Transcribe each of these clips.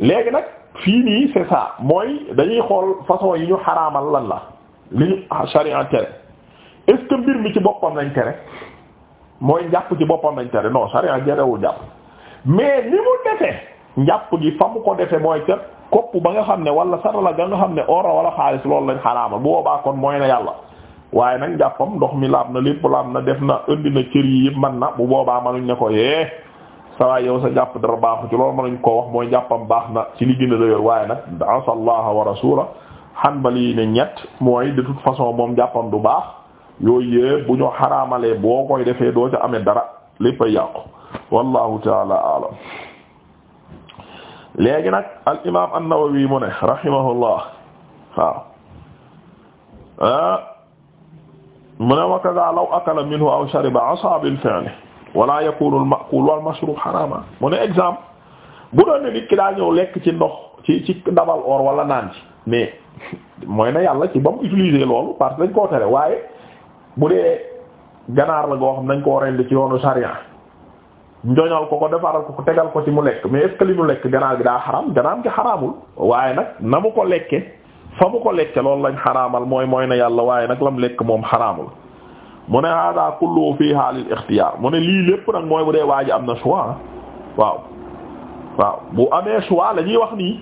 léegi nag fii nii c'est ça mooy dañuy xool façon yi ñu xaraamal lan la li ñu sharia tere est mbir mi ci boppam lañ tere mooy njàpp ci boppam lañ tere non sharia jarewul jàpp mais ni mu defee njàpp gi fa mu ko defee mooy ca kopp ba nga xam ne wala sarala ga nga xam ne ora wala xaalis loolu lañ xaraamal bu boobaa kon mooy na yàlla waaye nag njàppam ndox mi laab na lépp laab na def na indi na cër yi yëpp man na bu boobaa manuñ ne ko yee eh, sawaay yow sa jàpp dara baaxu ci loolu mënuñ koo wax mooy jàppam baax na ci li gën a dëgër waaye nag asallaha wa rasula hanbali ne ñett mooy de toute façon moom jàppam du baax yooyu bu ñu xaraamalee boo koy defee doo ca amee dara lépp a yàqu wallahu taala alam léegi nag al imam an-Nawawi mu ne rahimahullah waaw ah. mu ne wa kaza law akala minhu aw shariba asabil fi'li wala yakunu al ma'kul wal mashrub harama mu ne exemple bu doon ne nit ki daa ñëw lekk ci ndox ci ci ndabal or wala naan ci mais mooy na yàlla ci ba mu utiliser loolu parce que dañ koo tere waaye bu dee ganaar la goo xam dañ koo rend ci yoonu sariya njoñal ko ko defaral ko ko tegal ko ci mu lekk mais est li mu lekk ganaar gi daa xaram ganaar gi xaraamul waaye nag na mu ko lekke fa mu ko lekke loolu lañ xaraamal mooy mooy na yàlla waaye nag lam lekk moom xaraamul mu ne hada kullu fi haalil ixtiyaar mu ne lii lépp nag mooy bu dee waa am na choix waaw waaw bu amee choix la ñuy wax nii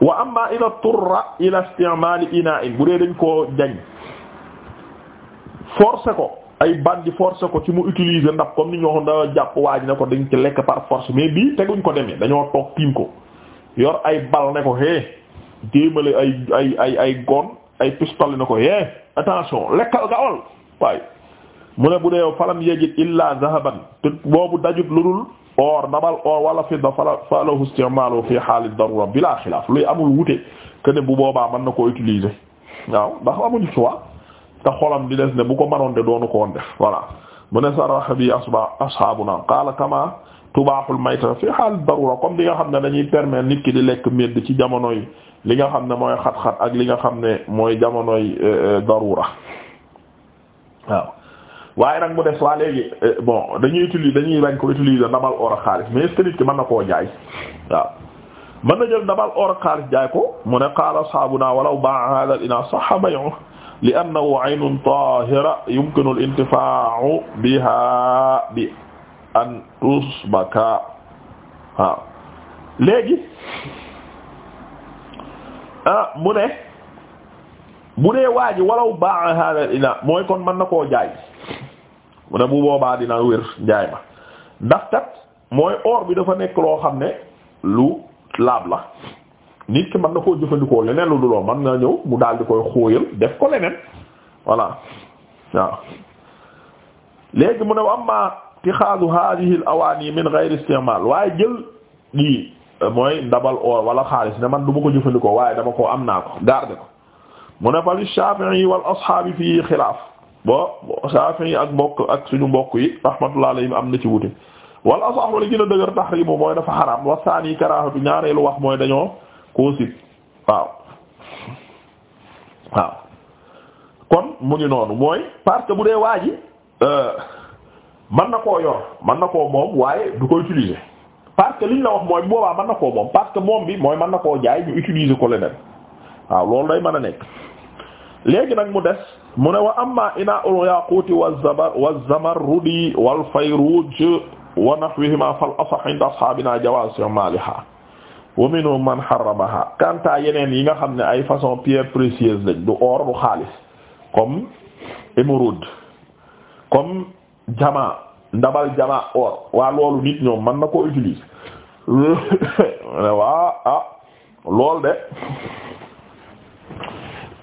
wa amma ila turra ila isti'maal ina'in bu dee dañ koo jañ forcer ko ay bandi forcer ko ci mu utiliser ndax comme ni ñu waxoon dañoo jàpp waa ji ne ko dañ ci lekk par force mais bi teguñ ko demee dañoo toog tiim ko yor ay bal ne ko hee jéemale ay ay ay ay gon ay pistolet ne ko hee attention lekkal nga ol waaye mu ne bu dee falam yajid illa zahaban te boobu dajut lu dul or dabal or wala fidda fala falahu isticmalu fi xaali darura bila xilaaf luy amul wute que ne bu boobaa mën na ko utiliser waaw ndax amuñu choix te xolam di des ne bu ko manoon de doonu ko woon def voilà mu ne saraxa bi asba ashaabuna qaala kama tubaaxul mayta fi xaal darura comme li nga xam ne dañuy permettre nit ki di lekk medd ci jamonoy li nga xam ne mooy xat-xat ak li nga xam ne mooy jamonoy euh, euh, darura waaw waaye nag mu des waa léegi eh, bon dañuy utiliser dañuy bañ ko utiliser ndabal or ak xaalis mais est-ce que nit ki mën na koo jaay waaw mën na jël ndabal or ak xaalis jaay ko mu ne qaala ashaabuna walaw ba'a hadha al-ina sahha bay'uhu li annahu aynun tahira yumkinu al-intifa'u biha bi an tusbaka waaw léegi ah mu ne bu dee waa ji walaw baa hada ina mooy kon mën na koo jaay mu ne bu boobaa dina wér jaay ma ndax kat mooy or bi dafa nekk loo xam ne lu laab la nit ki mën na koo jëfandikoo leneen lu duloo man na ñëw mu daal di koy xóoyal def ko leneen voilà waaw léegi mu ne wa amma tixaadu hadihi al awaani min ghayr istimal waaye jël lii mooy ndabal or wala xaalis ne man du ma ko jëfandikoo waaye dama ko am naa ko garder ko mu ne fa li Shafi'i wal ashaabi fii xilaaf bo yi ak mbokk ak suñu mbokk yi rahmatullahi mu am na ci wuti wal asah wala yi a dëgër tahrimu mooy dafa xaraam wa saani karaaha ñaareelu wax mooy dañoo koo sib waaw waaw kon mu ngi noonu mooy parce que bu dee waa ji euh, mën na koo yor mën na koo moom waaye du ko utiliser parce que ñu la wax mooy boobaa mën na koo moom parce que moom bi mooy mën na koo jaay ñu utiliser ko leneen waaw mën a nekk léegi nag mu des mu ne wa amma ina ul yaquti wa zabar wa zamarrudi wal fayruj wa nahwihima fal asah inda ashabina jawaz isti'maliha wa minhum man harramaha kanta yeneen yi nga xam ne ay façon pierre précieuse lañ du or du xaalis comme émeraude comme jama ndabal jama or waa loolu nit ñoom mën na ko utiliser waa ah loolu de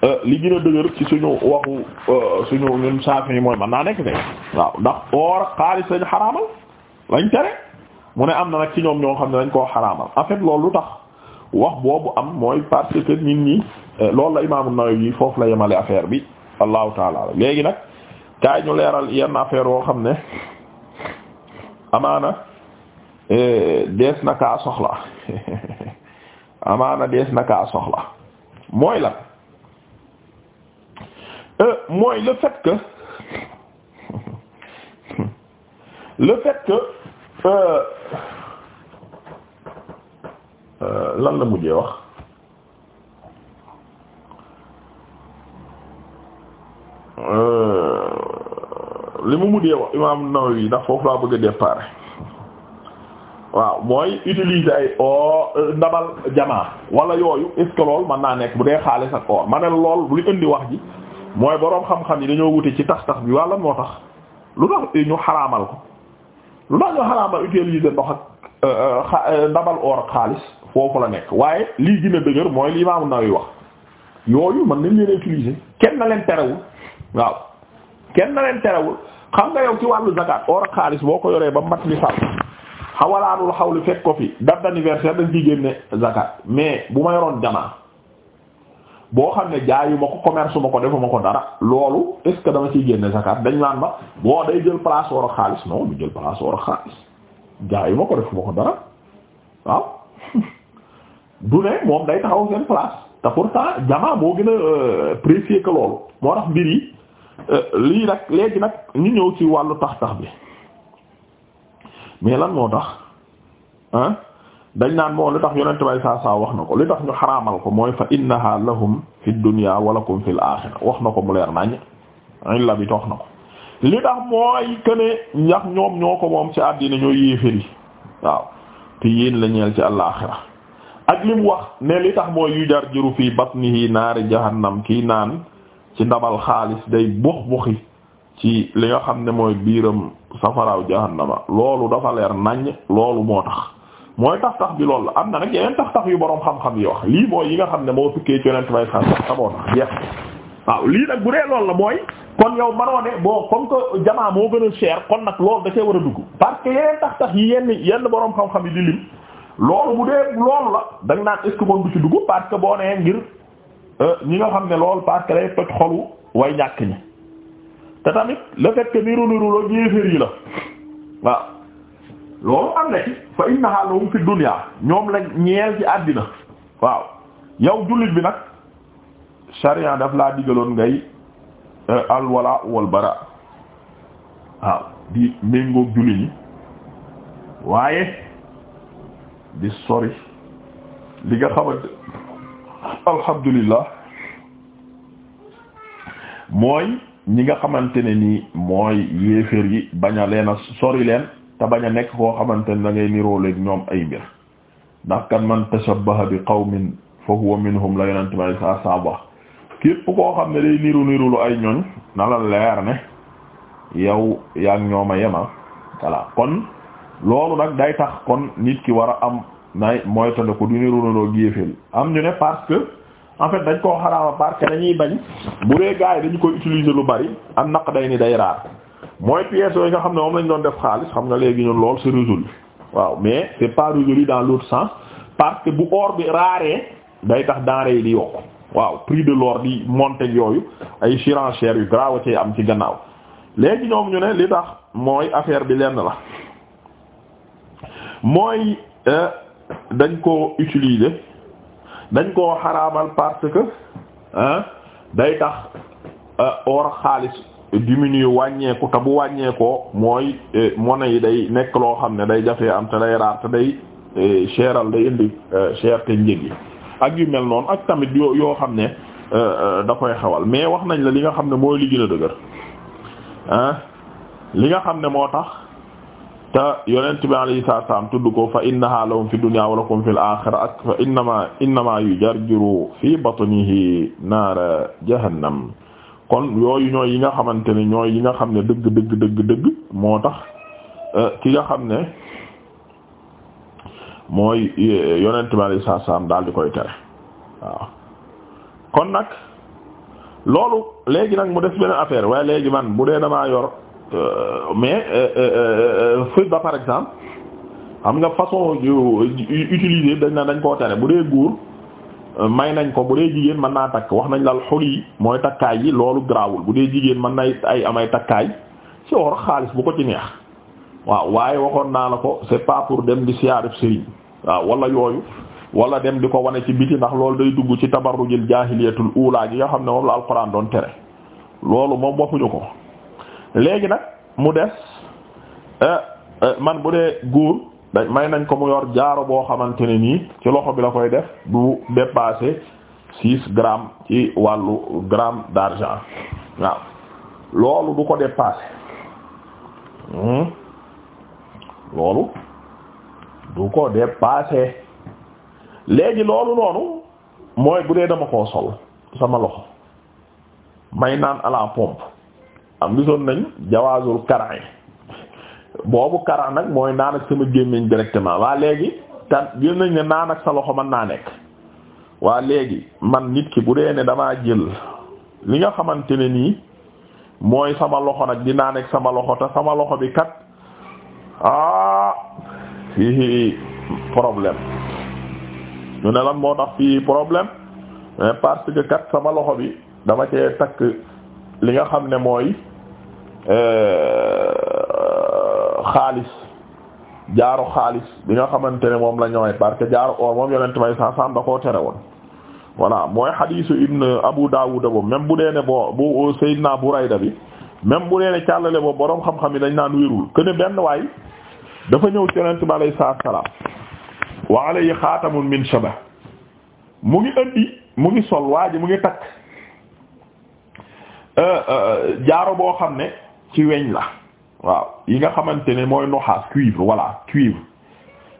Euh, li gën a dëgër ci suñu waxu euh, suñu ñun saafi yi mooy mën naa nekk tey waaw ndax or xaalis lañ xaraamal lañ tere mu ne am na nag ci ñoom ñoo xam ne dañ koo xaraamal en fait loolu lu tax wax boobu am mooy parce que nit ñi euh, loolu la imaamu Nawawi foofu la yemale affaire bi allahu taala léegi nag kaay ñu leeral yenn affaire woo xam ne amaana dees na kaa soxla amaana dees na kaa soxla mooy la Euh, mooy le fait que le fait que euh, euh, lan la mujjee wax li mu mujjee wax imaam yi ndax foofu laa bëgg a départ waaw mooy utiliser ay o ndabal jamaa wala yooyu est-ce que mën naa nekk bu dee xaalis ak or ma ne lool lu indi wax ji mooy boroom xam-xam yi dañoo wute ci tax-tax bi wàlla moo tax lu tax ñu xaraamal ko lu tax ñu xaraamal utiliser ndox ak euh, euh, euh, ndabal or ak xaalis foofu la nekk waaye lii gën a dëgër mooy lii Imaam Nawawi wax yooyu mën nañ leen utiliser kenn na leen terewul waaw kenn na leen terewul xam nga yow ci wàllu zakat or ak xaalis boo ko yoree ba mat li sàll xaw lu fekk ko fi date d'anniversaire dañ ciy génne zakat mais bu ma yoroon jamaa boo xam ne jaayu ma ko commerce ma ko defu ma ko dara loolu est dama ciy génne zakat dañ naan ma boo day jël place war a xaalis non jël place a xaalis jaayu ma ko defu ma ko dara waaw du ne moom day taxaw seen place te pourtant jamaa boo gën a euh, précieux que loolu moo tax mbir euh, lii nag léegi nag ñu ñëw ci wàllu tax tax bi mais lan moo tax dañ naan moo li tax yonent bay saa wax na ko li tax ñu xaraamal ko mooy fa innaha lahum fi dunya walakum fil axira wax na ko mu leer nañ illa bi toox na ko li tax mooy këne ndax ñoom ñoo ko moom ci àddina ñoo yéeféri waaw te yéen la ñeel ci àllaaxira ak li wax ne li tax mooy yu jar jëru fii batnihi naari jahannam kii naan ci ndabal xaalis day bux buxi ci li nga xam ne mooy biiram safaraaw jahannama loolu dafa leer nañ loolu moo tax mooy tax tax bi lool la am na nag yeneen tax tax yu boroom xam-xam yi wax lii mooy yi nga xam ne moo tukkee ci yonent bay waaw lii nag bu dee loolu la mooy kon yow manoo ne bon moo gën a cher kon nag loolu da cee war a dugg parce yi yenn yenn boroom xam yi di lim loolu la da nga naan est ce que parce que boo nee ngir euh, ñi nga xam ne lool parce que day toj xolu way ñàkk ñi te tamit le fait que niru niru la jéeféer yi la waaw. loolu am na fa innaha lahum fi dunya ñoom la ñeel ci àddina waaw yow jullit bi nag sharia daf laa digaloon ngay euh, alwala wal bara waaw di méngoog jullit ñi waaye di sori li nga xamante alhamdulillah mooy ñi nga xamante ne nii mooy yéeféer yi bañ a leen a sori leen te bañ a nekk koo xamante ne da niroo nirooleeg ñoom ay mbir ndax kan man tashabbaha bi qawmin fa huwa minhum la yonente may sa sa wax képp koo xam ne day niru nirulu ay ñoñ na la leer ne yow yaag ñooma yema kon loolu nag day tax kon nit ki war a am nay mooy tane ko du niru niroo géeféel am ñu ne parce en fait dañ koo xaraama parce dañuy bañ bu dee gars dañu koy utiliser lu bari am naq day ni day raar mooy pièces yooyu nga xam ne moom lañ doon def xaalis xam nga léegi ñun lool c'est résolu waaw mais c'est pas résolu dans l'autre sens parce que bu or bi raaree day tax denrée yi di yokk waaw prix de l'or di monter yooyu ay surenchère yu a ci am ci gannaaw léegi ñoom ñu ne li tax mooy affaire bi lenn la mooy euh, dañ ko utiliser dañ koo xaraamal parce que day tax euh, or xaalis diminuer wàññeeku te bu wàññeekoo mooy eh, monnaie yi day nekk loo xam ne day jafee am te day raar te day cheral eh, day indi cher eh, te njëg yi ak yu mel noonu ak tamit yoo xam ne da koy xewal mais wax nañ la li nga xam ne mooy li gën li nga xam ne moo tax te yonent bi alayhi salaam tudd ko fa innaha lahum fi dunya wa lakum fil akhirah ak fa innama innama yujarjiru fi batnihi naara jahannam kon yooyu ñooy yi nga xamante ni ñooy yi nga xam ne dëgg dëgg dëgg dëgg moo tax euh, ki nga xam ne mooy euh, yonent bi alayhi salaam daal di koy tere waaw kon nag loolu léegi nag mu def beneen affaire waaye léegi man bu dee damaa yor euh, mais ba par exemple xam nga façon utiliser dañ na dañ koo tere bu dee góor may nañ ko bu dee jigéen man naa takk wax nañ la alxuli mooy takkaay yi loolu garaawul bu dee jigéen man nay ay amay takkaay ci or xaalis bu ko ci neex waaw waaye waxoon naa la ko c'est pas pour dem di siyaarib sëriñ waaw wala yooyu wala dem di ko wane ci biti ndax loolu day dugg ci tabarrujil jaahiliyatul uulaa gi nga xam ne moom la alxuraan doon tere loolu moom waxuñu ko léegi nag mu des euh, euh, man bu dee góor dañ may nañ ko mu yor jaaro boo xamante ne nii ci loxo bi la koy def du dépasser six grammes ci wàllu gramme d'argent waaw loolu du ko dépasser hmm? loolu du ko dépasser léegi loolu noonu mooy bu dee dama koo sol sama loxo may naan à pompe am gisoon nañ jawaazul karay boobu kara nag mooy naan ak sama gémmiñ directement waa léegi tan gën nañ ne naan ak sa loxo mën naa nekk waa léegi man nit ki bu dee ne damaa jël li nga xamante ne nii mooy sama loxo nag di naan ak sama loxo te sama loxo bi kat ah fii problème ñu ne lan moo tax fii problème mais parce kat sama loxo bi dama cee takk li nga xam ne mooy euh, xaalis jaaro xaalis bi ñoo xamante ne moom la ñooy parce que jaaro or moom yonent may sa da koo tere woon voilà mooy xadiisu ibn Abu Dawud boobu même bu dee ne bon bu Seydina Burayda bi même bu dee ne càllale boobu boroom xam-xam yi dañ naan wérul kën benn waay dafa ñëw ci yonent bi alayhi salaam wa alayhi xaatamun min shaba mu ngi indi mu ngi sol waa ji mu ngi takk euh, euh, jaaro boo xam ne ci weñ la. waaw yi nga xamante ne mooy noxaas cuivre voilà cuivre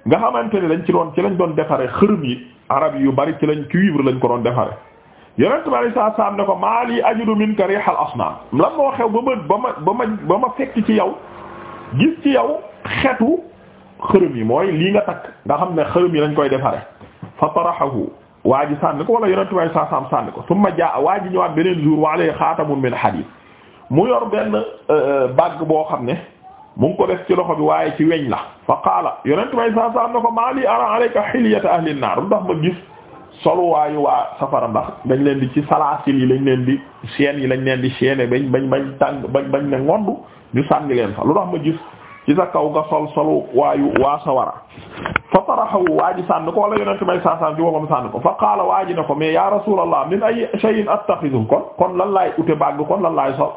nga xamante ni dañ ci doon ci lañ doon defare xërëm yi arab yi yu bari ci lañ cuivre lañ ko doon defare yonent bi saa saa ne ko maa lii ajidu minka riihal asnaam lan moo xew ba ma ba ma ba ma ba ma fekk ci yow gis ci yow xetu xërëm yi mooy lii nga takk nga xam ne xërëm yi lañ koy defare fa tarahahu waa ji sànni ko wala yonent bi saa saam sànni ko summa jaa waa ji ñëwaat beneen jour wa alayhi xaatamun min hadiid mu yor benn euh, euh, bàgg boo xam ne mu ngi ko def ci loxo bi waaye ci weñ la fa qaala yonent may saa saa ne ko maa lii ara alayka hilyata ahli naar lu tax ma gis soluwaayu waa safara ndax dañ leen di ci salaasil yi lañ leen di seen yi lañ leen di chaîne bañ bañ bañ tàng bañ bañ ne ngondu ñu sànni leen fa lu tax ma gis ci sa kaw nga sol soluwaayu waa sawara fa taraxawu waa ji sànni ko wala yonent may saa ci boppam sànni ko fa qaala waa ji ne ko mais ya rasulallah kon lan laay ute bàgg kon lan laay sol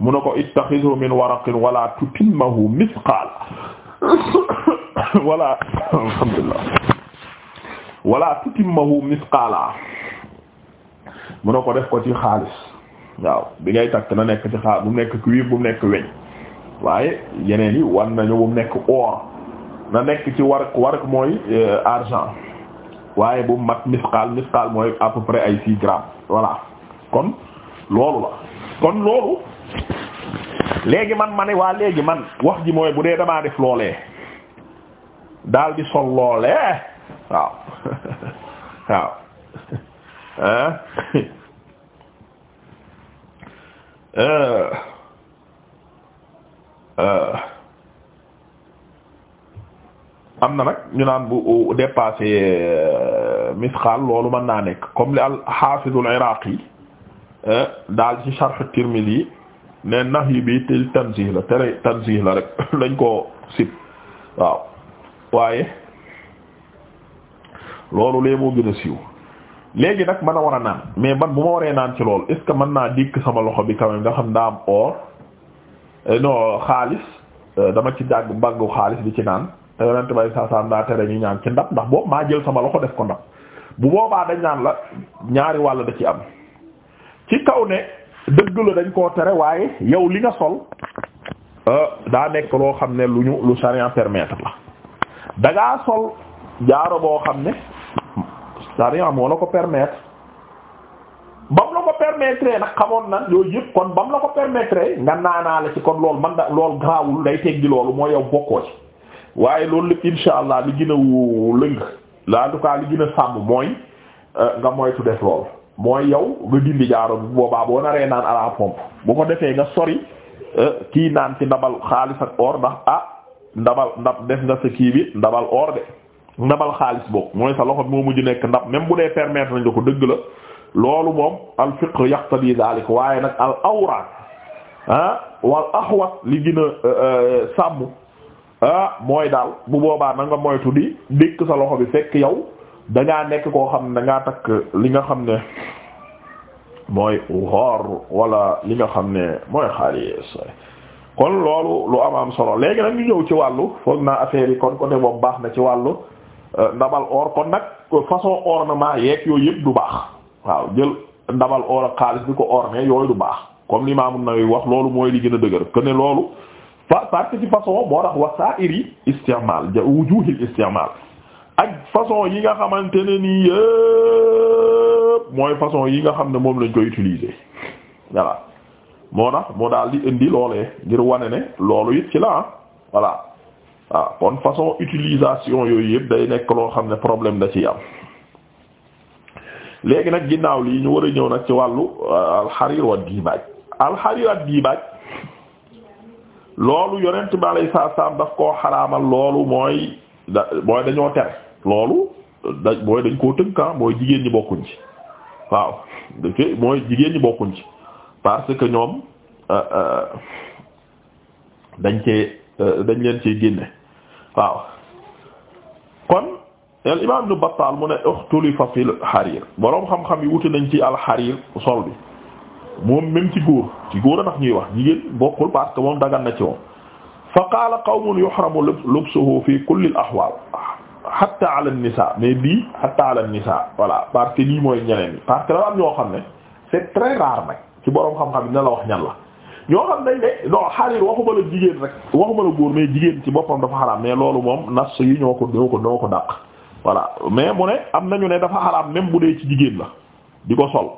mu ne ko ittaxidhu min waraqin wala tutimmahu misqal wala alhamdulillah wala tutimmahu misqala mu ne def ko ci xaalis waaw bi ngay takk na nekk ci xaalis bu mu nekk cuivre bu nekk weñ waaye yeneen yi war nañu bu nekk or na nekk ci warq warq mooy euh, argent waaye bu mat misqal misqal mooy à peu près ay six grammes voilà kon loolu la kon loolu léegi man ma ne waa léegi man wax ji mooy bu dee damaa def loolee daal di sol loolee waaw waaw ah am na nag ñu naan bu dépassé euh, misxaal loolu mën naa nekk comme li al xaafizul Iraaqi daal ci Sharh yi ne nax yi bi te tanzih la tere tanzih la rek dañ koo sib waaw waaye loolu lee boo gën a siiw léegi nag man a war a naan mais ban bu ma waree naan ci loolu est-ce que mën naa dikk sama loxo bi quand même nga xam daa am or eh, non xaalis eh, dama ci jàgg baggu xaalis bi ci naan te eh, yonent bay saasaam daa tere ñu ñaan ci ndab ndax boobu maa jël sama loxo def ko ndab bu boobaa dañ naan la ñaari wàll da ci am ci kaw ne dëgg la dañ koo tere waaye yow li nga sol euh, daa nekk loo xam ne lu ñu lu sharia permettre la dangaa sol jaaro boo xam ne sharia moo la ko permettre bam la ko permettre nag xamoon na yooyu yëpp kon bam la ko permettre nga naanaa la ci kon loolu man da loolu grawul day teggi loolu mooy yow bokkoo ci waaye loolu lépp insha allah li gën a lëng la en li gën sàmm mooy euh, nga moytu def loolu mooy yow nga dindi jaaro bu boobaa boo naree naan à la boo ko defee nga sori euh, kii naan ci ndabal xaalis ak or ndax ah ndabal ndab def nga sa kii bi ndabal or de ndabal xaalis boobu mooy sa loxo moo mujj nekk ndab même bu dee permettre nañ ko dëgg la loolu moom al fiqh yaqtadi dalik waaye nag al awraat ah wal axwat li gën a euh, euh, sàmm ah mooy daal bu boobaa na nga moytu di dékk sa loxo bi fekk yow dangaa nekk koo xam ne dangaa takk li nga xam ne mooy xor wala li nga xam ne mooy xaalis kon loolu lu am am solo léegi nag ñu ñëw ci wàllu foog naa affaire yi ko côté boobu baax na ci wàllu euh, ndabal or kon nag façon ornement yeeg yooyu yëpp du baax waaw jël ndabal or ak xaalis bi ko orné yooyu du baax comme l'imam An-Nawawi wax loolu mooy li gën a dëgër que ne loolu parce que ci façon moo tax wasaa'iri isti'mal wujuhil isti'mal façon yi nga xamante ne nii yëpp mooy façon yi nga xam ne moom lañ koy utiliser voilà moo tax moo daal di indi loolee ngir wane ne loolu it ci la ah voilà waaw ah, kon façon utilisation yooyu yëpp day nekk loo xam ne problème da ci am léegi nag ginnaaw lii ñu war a ñëw nag ci wàllu euh, alxarir wa diibaaj alxarir ak diibaaj loolu yonent bi alay saa saam daf koo xaraamal loolu mooy da mooy dañoo tere loolu da mooy dañ koo tënka ah mooy jigéen ñi bokkuñ ci waaw mooy jigéen ñi bokkuñ ci parce que ñoom euh, euh, dañ cee euh, dañ leen cee génne waaw kon al imam ibn Battal mu ne uxtulifa fil xariir boroom xam-xam yi wuti nañ ci al xariir sol bi moom même ci góor ci góor a tax ñuy wax jigéen bokkul parce que moom dagan na ci moom fa qaala qawmun yuhramu lubsuhu fi kulli al hatta ala nisa mais bii hatta ala nisa voilà parce que lii mooy ñeneen ñi parce que la am ñoo xam ne c'est très rare nag ci boroom xam-xam dina la wax ñan la ñoo xam dañ ne non xaarir waxuma la jigéen rek waxuma la góor mais jigéen ci boppam dafa xaraam mais loolu moom nas yi ñoo ko ñoo ko ñoo ko dàq voilà mais mu ne am nañu ne dafa xaraam même bu dee ci jigéen la di ko sol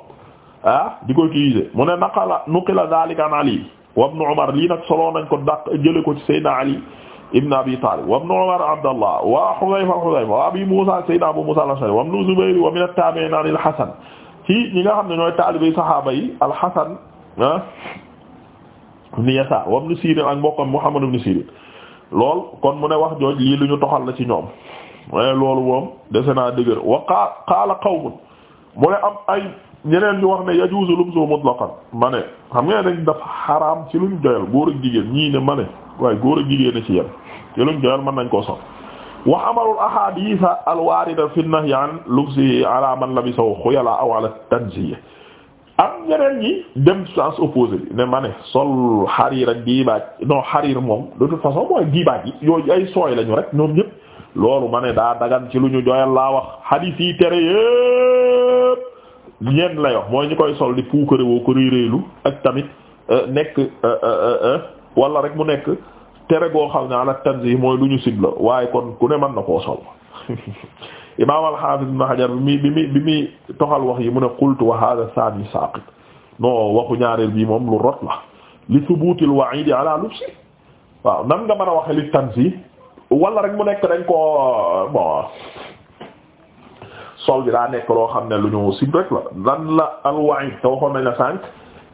ah di ko utiliser mu ne naqala nuqila zalika an ali wa ibn umar lii nag solo nañ ko dàq jële ko ci sayyidina ali ibn abi talib wa ibn umar abdallah wa hudayfa hudayfa wa abi musa sayyidina abu musa al-ashari wa ibn zubayr wa min at-tabi'in an al-hasan ñi nga xam ne ñooy taalibi sahaaba yi al-hasan ah ibn yasa wa ibn sirin ak mbokkam muhammad ibn kon mu ne wax jooj lii lu ñu toxal la ci ñoom waaye eh, loolu moom dese naa dëgër wa qaala qawmun mu ne am ay ñeneen ñu wax ne yajuuzu lumsu mutlaqan ma ne xam nga dañ daf xaraam ci luñ doyal góor ak jigéen ñii ne ma ne waaye góor ak jigéen a ci yem ci luñ joyal mën nañ koo sol wa amalul ahaditha alwarida fi nahyi an lubsi ala man labisahu xuyala aw ala tanziya am ñeneen ñi dem sens opposé bi ne ma ne sol xariir ak giibaaj non xariir moom de toute façon mooy giibaaj yi yooyu ay sooy lañu rek ñoom ñëpp loolu ma ne daa dagan ci lu ñu joyal laa wax xadiis yi tere yëpp ñeen la yox mooy ñu koy sol di puukarewoo ko réeréelu ak tamit euh, nekk euh, euh, wala rek mu nekk tere goo xam ne ala tanzih mooy lu ñu sibla waaye kon ku ne mën na koo sol imaam al-Hafiz Ibn Hajar bi muy bi muy bi muy toxal wax yi mu ne qultu wa hadha thani saqit non waxu ñaareel bii moom lu rot la li thubutil wa'id ala lubsi waaw nan nga mën a waxe li tanzih wala rek mu nekk dañ koo sol bi daa nekk loo xam ne lu ñu sib rek la lan la al wa'id te waxoon nañ la sànq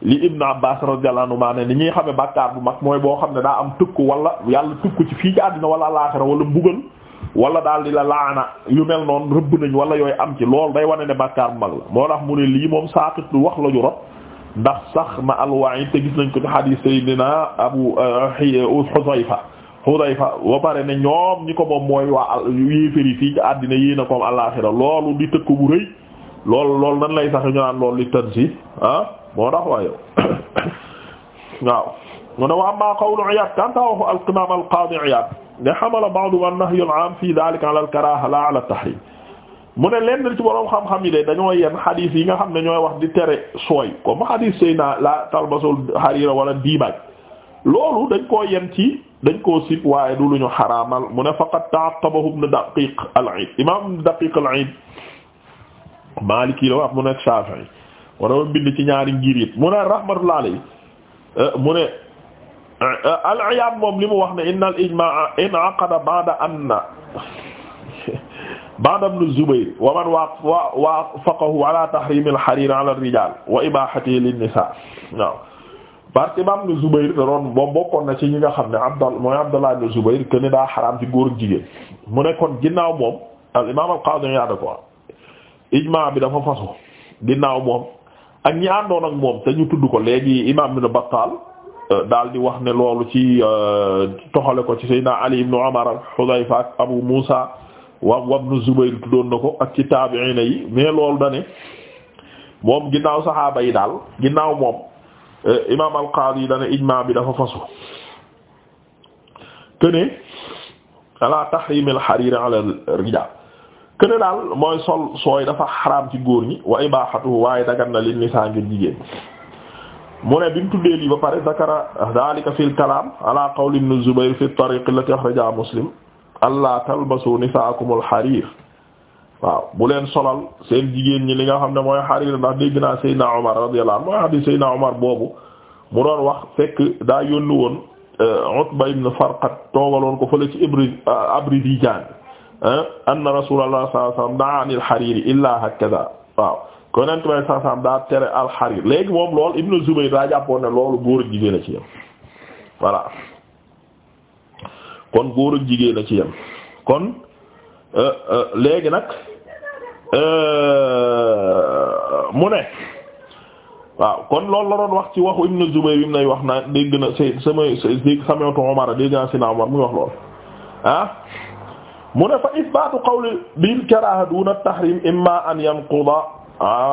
li Ibn Abbas radiyallahu anhu maa ne ni ñuy xamee bàkkaar bu mag mooy boo xam ne daa am tukku wala yàlla tukku ci fii ci àddina wala laaxira wala mbugal wala daal di la laana yu mel noonu rëbb nañ wala yooyu am ci loolu day wane ne bàkkaar bu mag moo tax mu ne lii moom saaqit lu wax la ju rot ndax sax na alwaid te gis nañ ko ci hadith Seydina Abu euh, Hudayfa Hudayfa ba pare ne ñoom ñi ko moom mooy waa yéeféri fii àddina yéen a koom àllaaxira loolu tëkk bu rëy loolu lool nan lay sax ñu naan loolu li tën si ah. moo tax waaye waaw mu ne wa amma qawlu Iyaad kanta waxu al-imaam al-qaadi Iyaad ne hamala ba'du an-nahyu al-aam fii dhaalika ala al-karaaha laa ala at-tahriim mu ne lenn ci boroom xam-xam yi de dañoo yenn xadiis yi nga xam ne ñooy wax di tere sooy comme xadiis Seydina laa talbasul hariira wala diibaaj loolu dañ koo yenn ci dañ koo sib waaye du lu ñu xaraamal mu ne faqad ta'aqqabahu ibn Daqiiq al-Iid imaam Daqiiq al-Iid Maaliki la wax mu nekk Shaafi'i wala ma bind ci ñaari ngir it mu ne rahmatullah alayhi euh, mu ne euh, al-Iyaad moom li mu wax ne inna al-ijmaa inaqada ba'da anna ba'da ibn Zubayr wa man waafaqahu ala tahrim al-hariir ala ar-rijaal wa ibaahatihi lin-nisaa waaw parce que Imaam ibn Zubayr da doon moom bokkoon na ci ñi nga xam ne Abdallah mooy Abdallah ibn Zubayr que ni daa xaraam ci góor jigéen mu ne kon ginnaaw moom al-Imaam al-Qaadi Iyaad ko ijmaa bi dafa fasu ginnaaw moom. ak ñi àndoon ak moom te ñu tudd ko léegi imaam na Battal euh, daal di wax ne loolu ci euh, toxale ko ci Seydina Ali ibn Umar Hudayfa ak Abu Musa wa Ibn Zubayr tuddoon na ko ak ci taabi'ina yi mais loolu da ne moom ginnaaw saxaaba yi daal ginnaaw moom euh, imaam al-Qaadi da ijmaa bi dafa fasu que ne ala tahriimil hariir ala rijaal këne daal mooy sol sooy dafa xaraam ci góor ñi wa ibaaxatu waaye dagan na li nisaa ngir jigéen mu ne bi mu ba pare zakara daalika fil kalaam ala qawli ibn Zubayr fi tariq allati axraja Muslim allah talbasu nisaakumul xariir waaw bu leen solal seen jigéen ñi li nga xam ne mooy xariir ndax dégg naa Seydina Omar radiyallahu anhu mooy hadiis Seydina boobu mu doon wax fekk daa yónni woon euh, Utba ibn Farqat toogaloon ko fële ci euh, anna rasulallah sallallahu alayhi wasallam daa anil xariiri illaa hakaza waaw konent bay sallallahu alayhi wasallam daa tere alxariir léegi moom loolu ibnu Zubayr daa jàppoon ne loolu góor ak jigéen a ci yem voilà kon góor ak jigéen a ci yem kon léegi nag mu ne waaw kon loolu la doon wax ci waxu ibnu Zubayr bi mu nay wax naa dégg na sama sama sama Umar dégg naa si naa Umar muy wax lool ah mu ne fa isbaatu qawli bil karaaha duuna tahriim imma an yanquda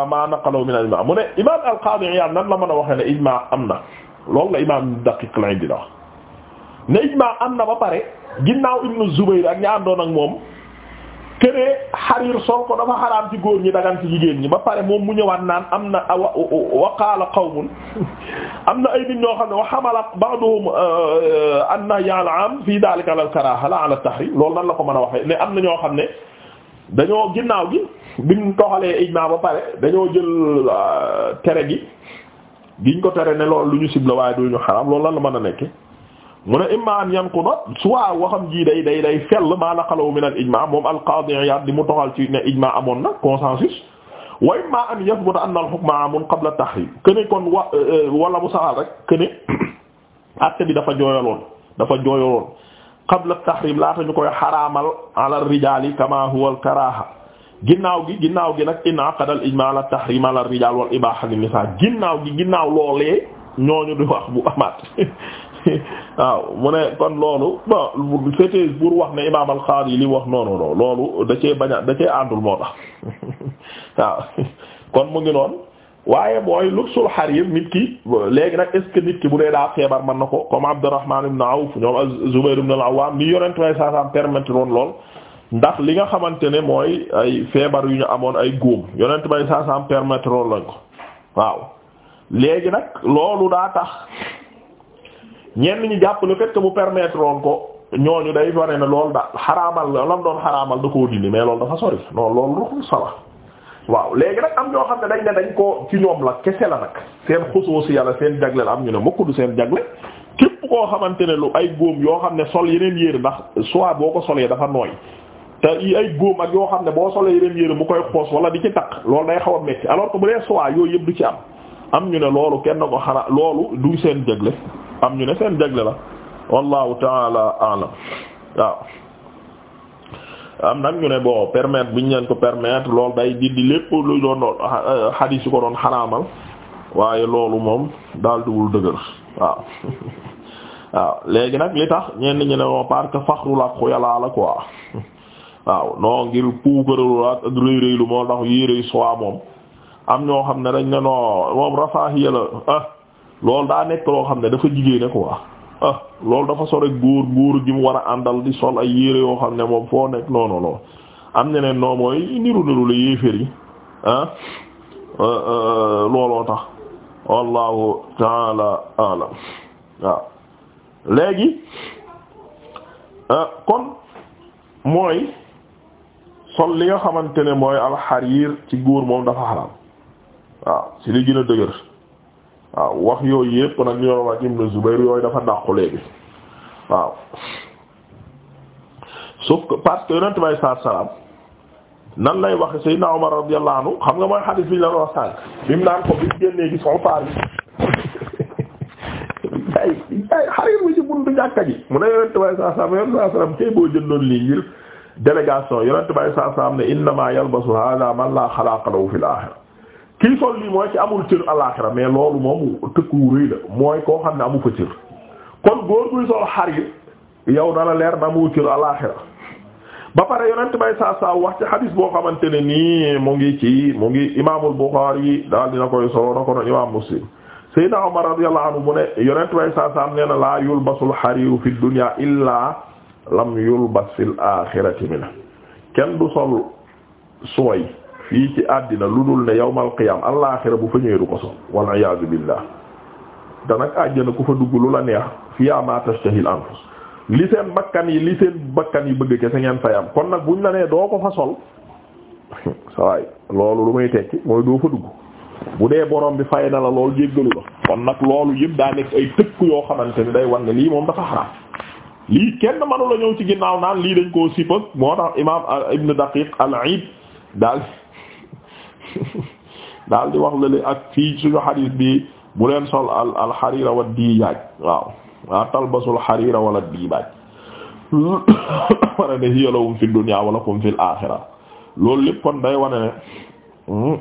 ma naqalahu min al ijmaa mu ne imaam al qaadi Iyaad nan la mën a waxee ne ijmaa am na loolu la imaam Daqiiq al-Iid di wax ne ijmaa am na ba pare ginnaaw Ibnu Zubayr ak ña àndoon ak moom. kenee xariir sol ko dafa xaraam ci góor ñi dagan ci jigéen ñi ba pare moom mu ñëwaat naan am na wa xaw qawmun am na ay nit ñoo xam ne wa xamala ba'duhum euh, euh, an-nahy al-'am fii daalika ala al-karaaha la ala at la ko mën a waxee ne am na ñoo xam ne dañoo ginnaaw gi biñ toxalee ijmaa ba pare dañoo jël euh, tere gi giñ ko tere ne loolu lu ñu sibla waaye du ñu xaraam loolu lan la mën a nekke mu ne imma an yanquda soit waxam jii day day day fell maa naqalaw min al ijma moom al qadi di mu toxal ci ne ijma amoon na consensus wa imma an yathbuta anna al hukma amun qabla tahrim kene kon wa euh, euh, wala mu saxal rek kene acte bi dafa jooyaloon dafa jooyaloon qabla tahrim laata ñu koy xaraamal ala rijali kama huwa al ginnaaw gi ginnaaw gi nag in a al ijma ala tahrim ala rijal wal ibaha lin nisa ginnaaw gi ginnaaw loolee ñooñu di wax bu waaw ah, mu ne kon loolu bon c'était pour wax ne imaam al-Qadi li wax noonu la loolu da cee bañ a da cee àndul moo tax waaw ah, kon mu ngi noonu waaye mooy lubsul xarir nit ki léegi nag est-ce que nit ki bu dee daa feebar mën na ko comme Abdurrahman ibn Awf ñoom Zubayr ibn al-Awwam ni yonent may saasaam permettre woon lool ndax li nga xamante ne mooy ay feebar yu ñu amoon ay góom yonent may saasaam permettre woon lañ ko waaw léegi nag loolu daa tax ñenn ñi jàpp le fait mu permettre woon ko ñu day wane ne loolu da la lam doon xaraamal da koo dindi mais loolu dafa sori non loolu ruxul sala waaw léegi nag am ñoo xam ne dañ ne dañ ko ci ñoom la kese la nag si yàlla seen jagleel am ñu ne mukk du seen jagle koo xamante ne lu ay góom yoo xam ne sol yeneen yére ndax soit boo ko solee dafa nooy te yi ay góom ak yoo xam ne boo solee yeneen yére mu koy xoos wala di ci taq xaw a metti alors que bu dee soit yooyu yëpp du ci am am ñu ne loolu kenn ko xanaa loolu du seen jagle am ñu ne seen jagle la wallahu taala alam waaw am nag ñu ne boo permettre bu ñu leen ko permettre loolu day dindi lépp lu doon xadiis yu ko doon xaraamal waaye loolu moom daal duwul dëgër waaw waaw léegi nag li tax ñenn ñu ne moo parce que faxrul ak xuyalaa la quoi waaw non ngir puukaralul ak rëy rëylu moo tax yii rëy soi moom am ñoo xam ne dañ ne non moom rafaahiya la ah. loolu daa nekk loo xam ne dafa jigéen ko quoi ah loolu dafa sore góor góor gi mu war a àndal di sol ay yére yoo xam ne moom foo nekk non non am na neen noo mooy niru niru la yéefér yi ah euh, euh, looloo tax wallahu taala alam waaw léegi euh, kon mooy sol li nga xamante ne mooy alxariir ci góor moom dafa xaraam waaw ci li gën a dëgër waaw wax yooyu yëpp nag a wax Ibn Zubayr yooyu dafa dàqu léegi waaw sauf que parce que yonent bay saa salaam nan lay waxe Seydina Omar radiyallahu anhu xam nga mooy xadis bi ñu la wax sànq bi mu naan ko bi génnee gis xaw ay ay xarir bi buntu jàkka ji mu ne yonent bay saa salaam yonent saa salaam salaam ne innamaa yalbasu haadaa man laa xalaaqa lahu fil aaxira kii sol lii mooy ci amul cër alaaxira mais loolu moom tëkku rëy la mooy koo xam ne amu fa cër kon góor guy sol xarir yow na leer na amu cër alaaxira ba pare yonent bay saa wax ci xadis boo xamante ne nii mu ngi ci mu ngi imaamul Buxaari daal dina koy solo na ko noonu imaam Muslim Seydina Umar radiyallahu anhu mu ne yonent bay saa saa nee na laa yulbasul xariiru fi dunya illaa lam yulbas fil aaxirati mina kenn du sol sooy. fii ci àddina lu dul ne yawmal qiyam allaaxira bu fa ñëwee du ko so wal iyaazu billaah danag àjjana ku fa dugg lu la neex fiyaa maa tashtahil anfus li seen bakkan yi li seen bakkan yi bëgg kese ngeen fay am kon nag buñ la nee doo ko fa sol sawaay loolu lu muy tekki mooy doo fa dugg bu dee borom bi fay na la loolu jéggalu la kon nag loolu yëpp daa nekk ay tëkk yoo xamante ni day wan na lii moom dafa xaraam lii kenn manu la ñëw ci ginnaaw naan lii dañ koo sip ak moo tax imaam ibn daal daal di wax lale ak fii suñu xadiis bi bu leen sol al al xariira wa diibaaj waaw waa talbasul xariira wala diibaaj wara ne hiya lahum fi dunya wa lakum fil aaxira loolu lépp kon day wane ne hmm,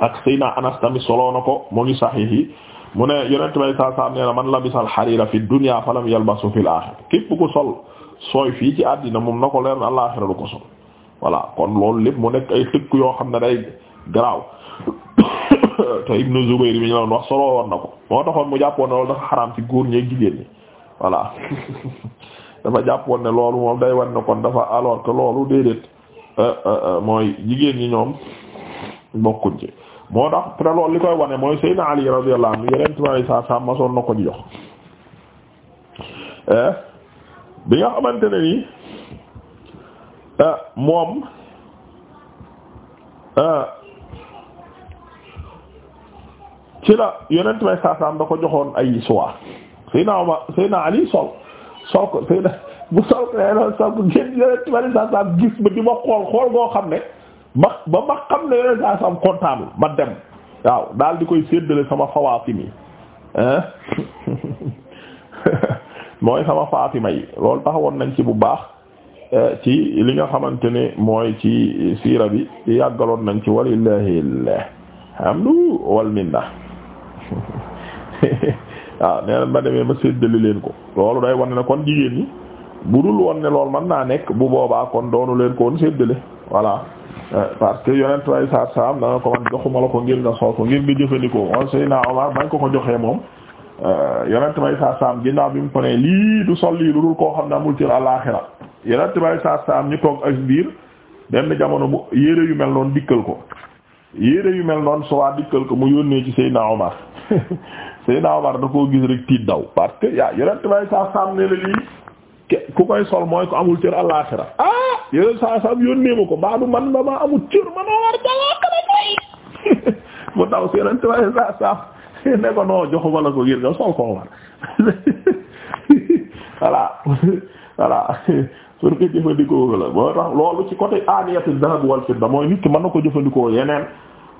ak sayna Anas tamit solo ko mu ngi saxiix yi mu ne yonent bay saa saa nee na man labisal xariira fi dunya falam yalbasu fil aaxira képp sol sooy fii ci àddina moom na ko leer na al aaxira du ko sol voilà kon loolu lépp mu nekk ay tëkk yoo xam ne day garaaw te Ibnu Zubayr mi ñu la wax solo na ko moo taxoon mu jàppoon ne loolu dafa xaraam ci góor ñeeg jigéen ñi voilà dafa jàppoon ne loolu moom day wan ne kon dafa alors que loolu déedéet euh, euh, euh, mooy jigéen ñi ñoom bokkuñ ci moo tax te loolu li koy wane mooy Seydina Ali radiyallahu anhu yeneen tubaab saa saa masoon na ko di jox. Eh, bi nga xamante ne eh, moom. Eh, ci la yonent may saasaam da ko joxoon ay soie Seydina Omar Seydina Ali sol sol ko Seydina bu sol ko sol ko gis ba di ma xool xool goo xam ne ma ba ma xam ne yonent saasaam kontaanul ma dem waaw daal di koy séddale sama Fawaatima yi mooy sama Faatima yi loolu taxawoon nañ ci bu baax eh, ci li nga xamante ni mooy ci siira bi yàggaloon nañ ci walillahi alhamdu wal minna waaw ah, nee na ma demee ma séddale leen ko loolu day won ne kon jigéen ñi bu dul woon ne loolu mën naa nekk bu boobaa kon doonu leen ko woon séddale voilà eh, parce que yonent way sar saam danga ko man joxuma la ko ngir nga sol ngir nga jëfandikoo on Seydina Omar bañ ko ko joxee moom eh, yonent way sar saam ginnaaw bi mu ko ne lii du sol lii lu dul koo xam ne amul ci àllaaxira yonent way sar saam ñu toog ak biir benn jamono bu yére yu mel noonu dikkal ko yére yu mel noonu sowaa dikkal ko mu yónnee ci Seydina Omar da koo gis rek tiit daw parce que yaa yonent bay saa saam ne la lii ku koy sol mooy ko amul cër àllaaxira ah yonent saa saam yónnee ma ko mbaa du man a ah, la ko ngir nga sol ko war voilà voilà pour que jëfandikoo la mooy nit ki mën na ko jëfandikoo yeneen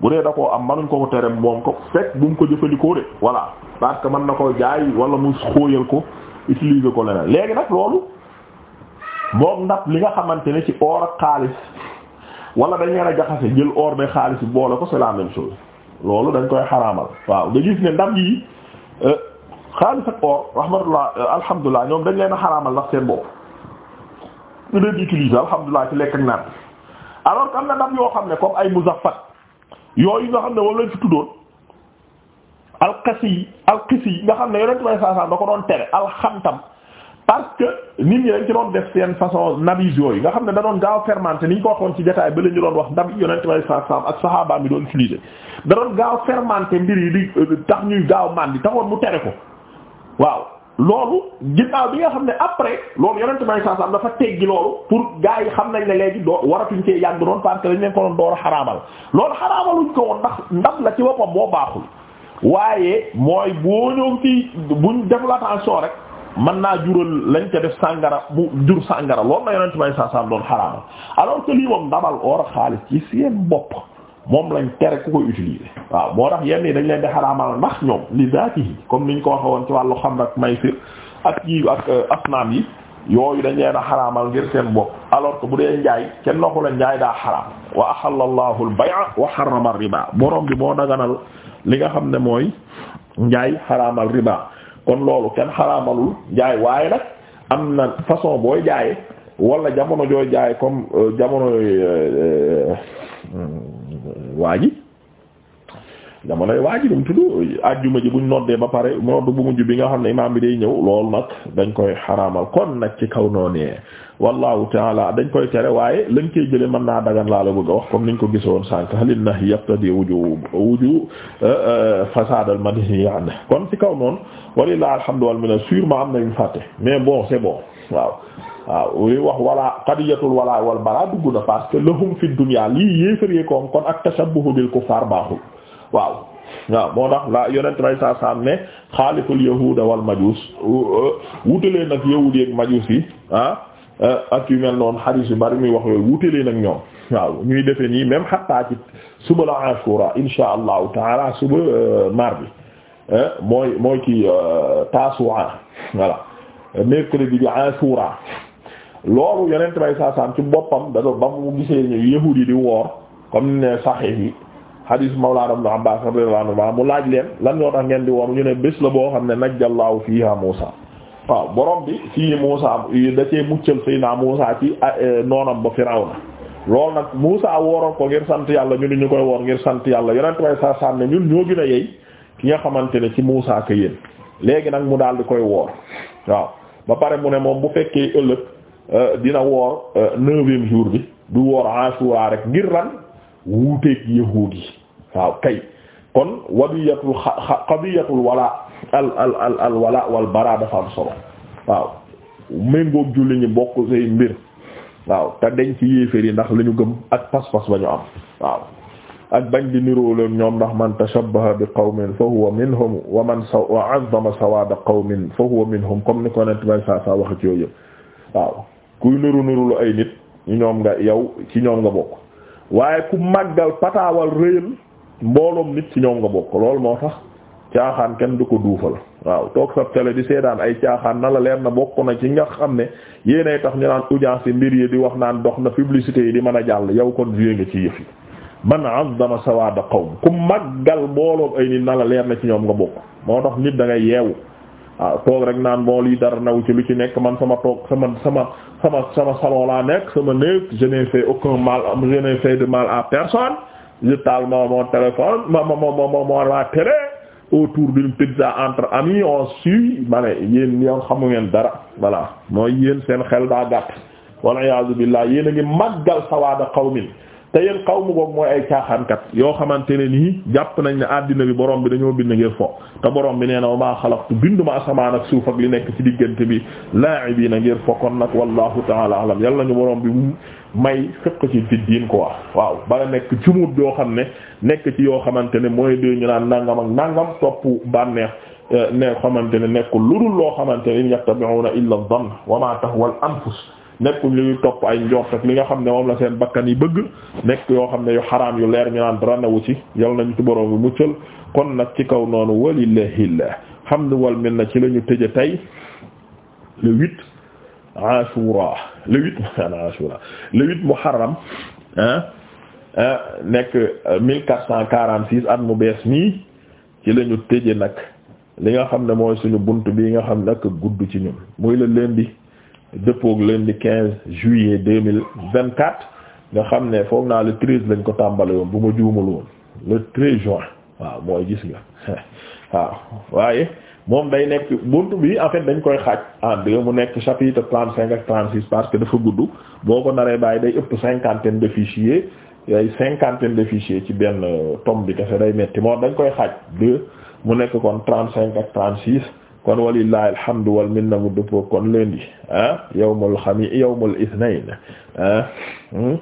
bu dee da koo am manuñ ko ko moom ko fekk bu mu ko jëfandikoo de voilà parce que mën na ko jaay wala mu xóoyal ko utiliser ko leneen léegi nag loolu moom ndab li nga xamante ne ci or ak xaalis wala dañ leen a jaxase jël or ba xaalis bi boole ko c'est la même chose loolu dañ koy xaraamal waaw nga gis ne ndab yi euh, xaalis ak or rahmatullah euh, alhamdulilah ñoom dañ leen a xaraamal ndax seen bopp ñu leen di utiliser alhamdulilah ci lekk ak naan alors que am na ndab yoo xam ne comme ay muzaffat yooyu nga xam ne moom lañ fi tuddoon alxasi yi alxisi yi nga xam ne yonent bay saa saa da ko doon tere alxantam parce que nit ñi dañ ci doon def seen façon nabis yi nga xam ne da doon gaaw fermenté ni ñu ko waxoon ci jotaay ba la ñu doon wax ndab yonent bay saa saa ak saxaaba mi doon utilisé da doon gaaw fermenté mbir yi di tax ñuy gaaw màndi taxoon mu tere ko waaw loolu ginnaaw bi nga xam ne après loolu yonent may saa saam dafa teggi loolu pour gars yi xam nañ ne léegi doo waratuñ cee yàgg doon parce que dañ leen ko doon door a xaraamal loolu xaraamaluñ ko woon ndax ndab ci boppam moo baaxul waaye mooy boo ñëw ci buñ def l'attention rek mën naa jural lañ ca def sangara bu jur sàngara loolu na yonent may saa saam doon xaraamal alors que lii moom ndabal or xaalis ci seen bopp. moom lañ tere ku koy utiliser waaw moo tax yenn yi dañ leen di xaraamal ndax ñoom li zaatihi comme ñu ko waxe woon ci wàllu xam may maysir ak yi ak euh, asnaam yi yooyu dañ leen a xaraamal ngir seen bopp alors que bu dee njaay kenn loxu la njaay daa xaraam wa ahalla allahu al-bay'a wa harrama riba borom bi moo daganal li nga xam ne mooy njaay xaraamal riba kon loolu kenn xaraamalul njaay waaye nag am na façon booy jaaye wala jamono jooy jaaye comme euh, jamono euh, hmm. waa ji jamonoy waa ji dum tudd ji buñ noddee ba pare nodd bu mujj bi nga xam ne imaam bi day ñëw loolu nag dañ koy xaraamal kon nag ci kaw noonee wallahu taala dañ koy tere waaye lañ koy jële mën naa dagan laa la bëgg a wax comme niñ ko gisoon sànq halin nahi yaqtadi wuju wuju euh, euh, fasadal madhi an kon ci kaw noonu walilah alhamdu wal minna sûrement am na ñu fàtte mais bon c'est bon waaw waaw li wax walaa qadiyatul walaa wal bara dugg na parce que lahum fi dunya lii yéefaree koom kon ak tashabbuhu bil kuffar baaxul waaw waaw moo tax la yonent bay saa saam ne xaaliful yahuuda wal majuus wutelee euh, nag yahuud ak majuus yi ah euh, ak yu mel noonu xadiis yu bari muy wax yooyu wutelee nag ñoom waaw ñuy defe nii même xattaa ci suba la ashura insha allahu taala suba euh, mardi mooy mooy ki tasuwa voilà mercredi bi ashura loolu yonent bay saasaam ci boppam da doon ba mu gisee ñu yahuud yi di woor comme ne saxiix yi hadis mawlaana ibn Abbaas radiyallaahu anhumaa mu laaj leen lan ñoo tax ngeen di woor ñu ne bés la boo xam ne najjallaahu fiihaa Muusaa waaw borom bi fii Muusaa da cee muccal Seydina Muusaa ci eh, noonam ba na loolu nag Muusaa wooroon ko ngir sant yàlla ñu ne ñu koy woor ngir sant yàlla yonent bay saasaam ne ñun ñoo gën a yey ki nga xamante ne ci Muusaa ka yéen léegi nag mu daal di koy woor waaw ba Euh, dina woor euh, neuvième jour bi du woor Ashura rek ngir ran wuuteeg yahuud yi waaw kay kon wadiyatul qadiyatul wala al al al al wala wal bara dafa am solo waaw méngoog julli ñi bokk say mbir waaw te denc ci yéeféer yi ndax la ñu gëm ak pas-pas ba ñu am waaw ak bañ di niroo leen ñoom ndax man tashabbaha bi qawmin fa huwa minhum wa man wa azzama sawada qawmin fa huwa minhum comme ni ko nent bay saa saa wax ci yooyu yëpp waaw kuy nuru nuru lu ay nit ñoom nga yow ci ñoom nga bokk waaye ku màggal pataawal rëyal mbooloom nit ci ñoom nga bokk loolu moo tax caaxaan kenn du ko duufal waaw toog sa télé di seedaan ay caaxaan na la leer na bokk na ci nga xam ne yéenay tax ñu naan audience yi mbir yi di wax naan dox na publicité yi di mën a jàll yow kon vieux nga ci yëf yi man azzama sawaada qawm ku màggal mbooloom ay nit na la leer na ci ñoom nga bokk moo tax nit da ngay yeewu ah toog rek naan bon lii dara naw ci lu ci nekk man sama toog sama sama sama sama salon laa nekk sama néeg je n'ai fait aucun mal je fait de mal à personne je taal ma mon téléphone ma ma ma ma ma la télé autour d'une pizza entre amis on suit ma ne yéen yow xamu ngeen dara voilà mooy yéen seen xel daa gàtt wal iyaazu billaah yéen a ngi màggal sawaada qawmin te yéen xawmu boobu mooy ay caaxaankat yoo xamante ne nii jàpp nañ ne àddina bi borom bi dañoo bind ngir fo te boroom bi nee na wa maa xalaqtu binduma asamaan ak suuf ak li nekk ci diggante bi laa'ibiina ngir fo kon nag wallahu ta'ala alam yàlla nañu borom bi mu may fiqh ci fi diin ko wax waaw bala nekk jumuut yoo xam ne nekk ci yoo xamante ne mooy dee ñu naan nangam ak nangam topp bànneex eh, ne xamante ne nekkul lu dul loo xamante ne yattabi'una illa ad-dhann wa ma tahwa al nekkul li topp ay njort ak li nga xam ne moom la seen bakkan yi bëgg nekk yoo xam ne yu xaraam yu leer ñu naan dara newu ci yal nañu ci borom bi muccal kon nag ci kaw noonu walillahil hamdu wal minna ci la ñu tëje tey le huit ashura le huit ashura le huit muharram hein nekk mille quatre cent quarante six at mu bees mii ci la tëje nag li nga xam ne mooy suñu bunt bi nga xam ne gudd ci ñun muy leen bi dëppook lundi quinze juillet deux mille vingt quatre nga xam ne foog naa le treize lañ ko tàmbale woon bu ma juumal woon le treize juin waaw mooy gis nga waaw waaye moom day nekk buntu bi en fait dañ koy xaaj en deux mu nekk chapitre trente cinq ak trente six parce que dafa gudd boo ko naree bàyyi day ëpp cinquantaine de fichiers ay cinquantaine de fichiers ci benn euh, tome bi kese day metti moo dañ koy xaaj deux mu nekk kon trente cinq ak trente six kon walillahi alhamdu wal minna mu dëppoo kon lundi ah yawmul xami yawmul ithnain ah hmm?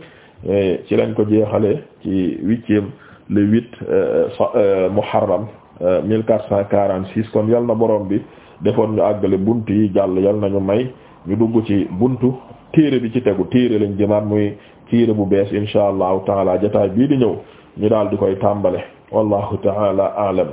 eh, ci lañ ko jeexale ci huitième le huit euh, euh, muharram euh, mille quatre cent quarante six kon yal na borom bi defoon ñu àggale bunt yi jàll yal nañu may ñu dugg ci buntu téere bi ci tegu téere lañ jëmaat muy téere bu bees insha allahu taala jotaay bii di ñëw ñu daal di koy tàmbale wallahu taala alam